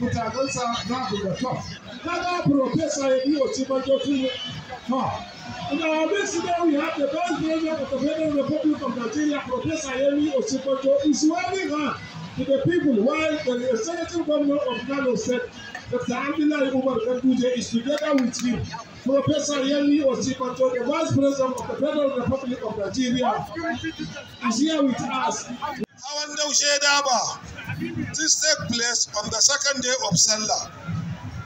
mutagansa naku da to kaga professor ya biyo ci bajokin to Now, this day we have the best president of the Federal Republic of Nigeria, Professor Yemi Osipojo, is waving hand to the people while the executive Governor of Kano State, Dr. Abdullahi Umar Ganduje, is together with him. Professor Yemi Osinbajo, the Vice President of the Federal Republic of Nigeria, is here with us. This takes place on the second day of Salah.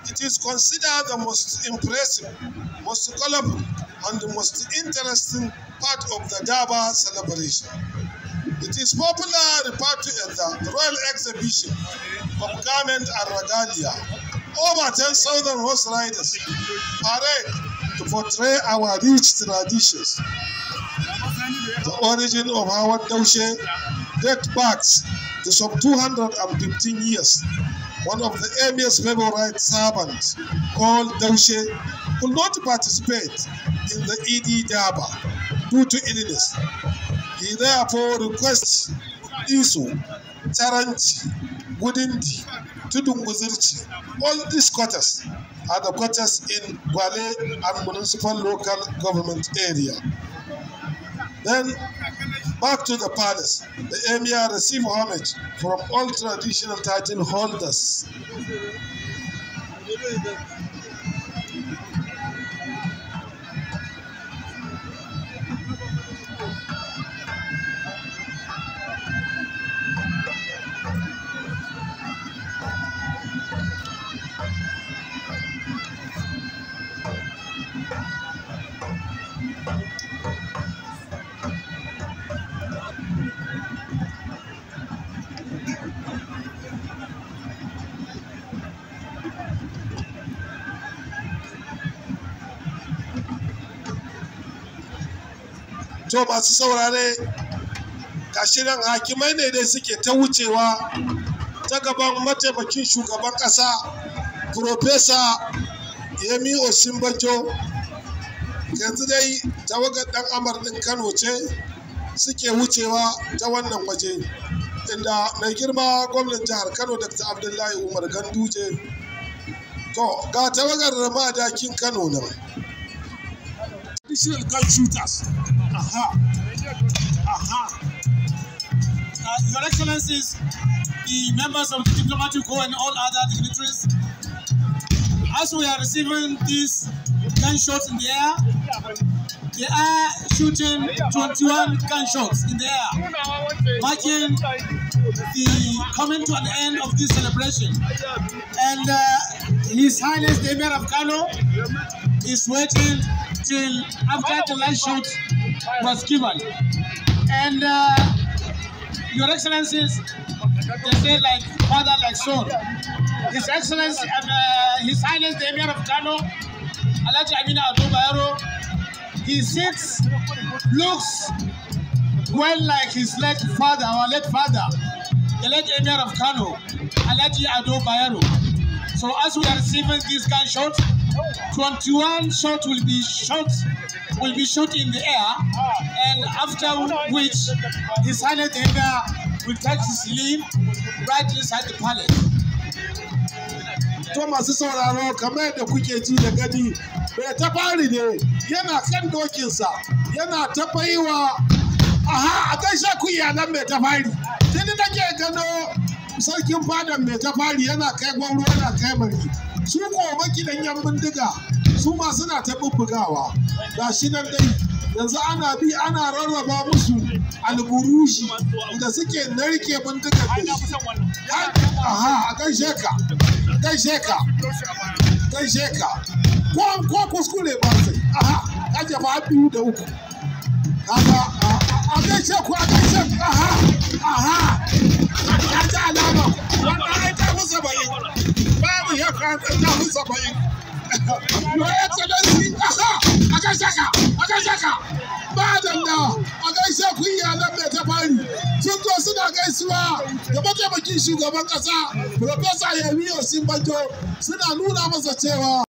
It is considered the most impressive, most colorful, and the most interesting part of the Daba celebration. It is popular referred to as the Royal Exhibition of Garment and Regalia. Over 10,000 horse riders parade to portray our rich traditions. the origin of our Daushe dates back to some 215 years. One of the emir's favorite servants, called Daushe, could not participate in the Idi e Daba due to illness. He therefore requests Isu, Taranji, Gudindi, Tudunguzirchi, all these quarters are the quarters in Gwale and municipal local government area. Then back to the palace, the emir received homage from all traditional title holders. to masu saurare gashi nan hakimai ne dai suke ta wucewa ta gaban mataimakin shugaban ƙasa Profesa Yemi Osinbajo yanzu dai tawagar ɗan Amar ɗin Kano ce suke wucewa ta wannan waje inda mai girma gwamnan jihar kano dr abdullahi umar ganduje to ga tawagar madakin kano nan traditional gun shooters aha aha uh, your excellencies the members of the diplomatic corps and all other dignitaries as we are receiving these gunshots in the air They are uh, shooting 21 gunshots in the air, marking the coming to an end of this celebration. Oh, and uh, His Highness the Emir of Kano is waiting till after the last shot was given. And uh, Your Excellencies, they say like father, like son. His Excellency, uh, His Highness the Emir of Kano, Alaji Amina Abu he sits, looks well like his late father, our late father, the late Emir of Kano, Alaji Ado Bayero. So as we are receiving this gunshot, 21 shots will be shot will be shot in the air, and after which his silent Emir will take his leave right inside the palace. Thomas sauraro kamar yadda kuke ji da gani bai ta fari ne yana kan dokinsa yana ta baiwa aha a gaishe ku iyalan mai ta fari tuni nake gano sarkin fadan mai ta fari yana kai gwamnati yana kai mari su ko makidan yan bindiga su ma suna ta bubbugawa shi nan dai yanzu ana bi ana rarraba musu alburushi da suke narke bindigar aha a gaishe ka gaishe ka gaishe ka ko ko kuskure ba sai aha kaje ba biyu da uku kaga a gaishe ku a gaishe ku aha aha ka ji alama wannan ai ta musa bai babu ya ka ta musa bai your excellency aha a gaishe ka a gaishe ka ba da a gaishe ku iyalan mai ta fari sun zo suna gaisuwa da mataimakin shugaban kasa Profesa Yosin Osinbajo suna nuna masa cewa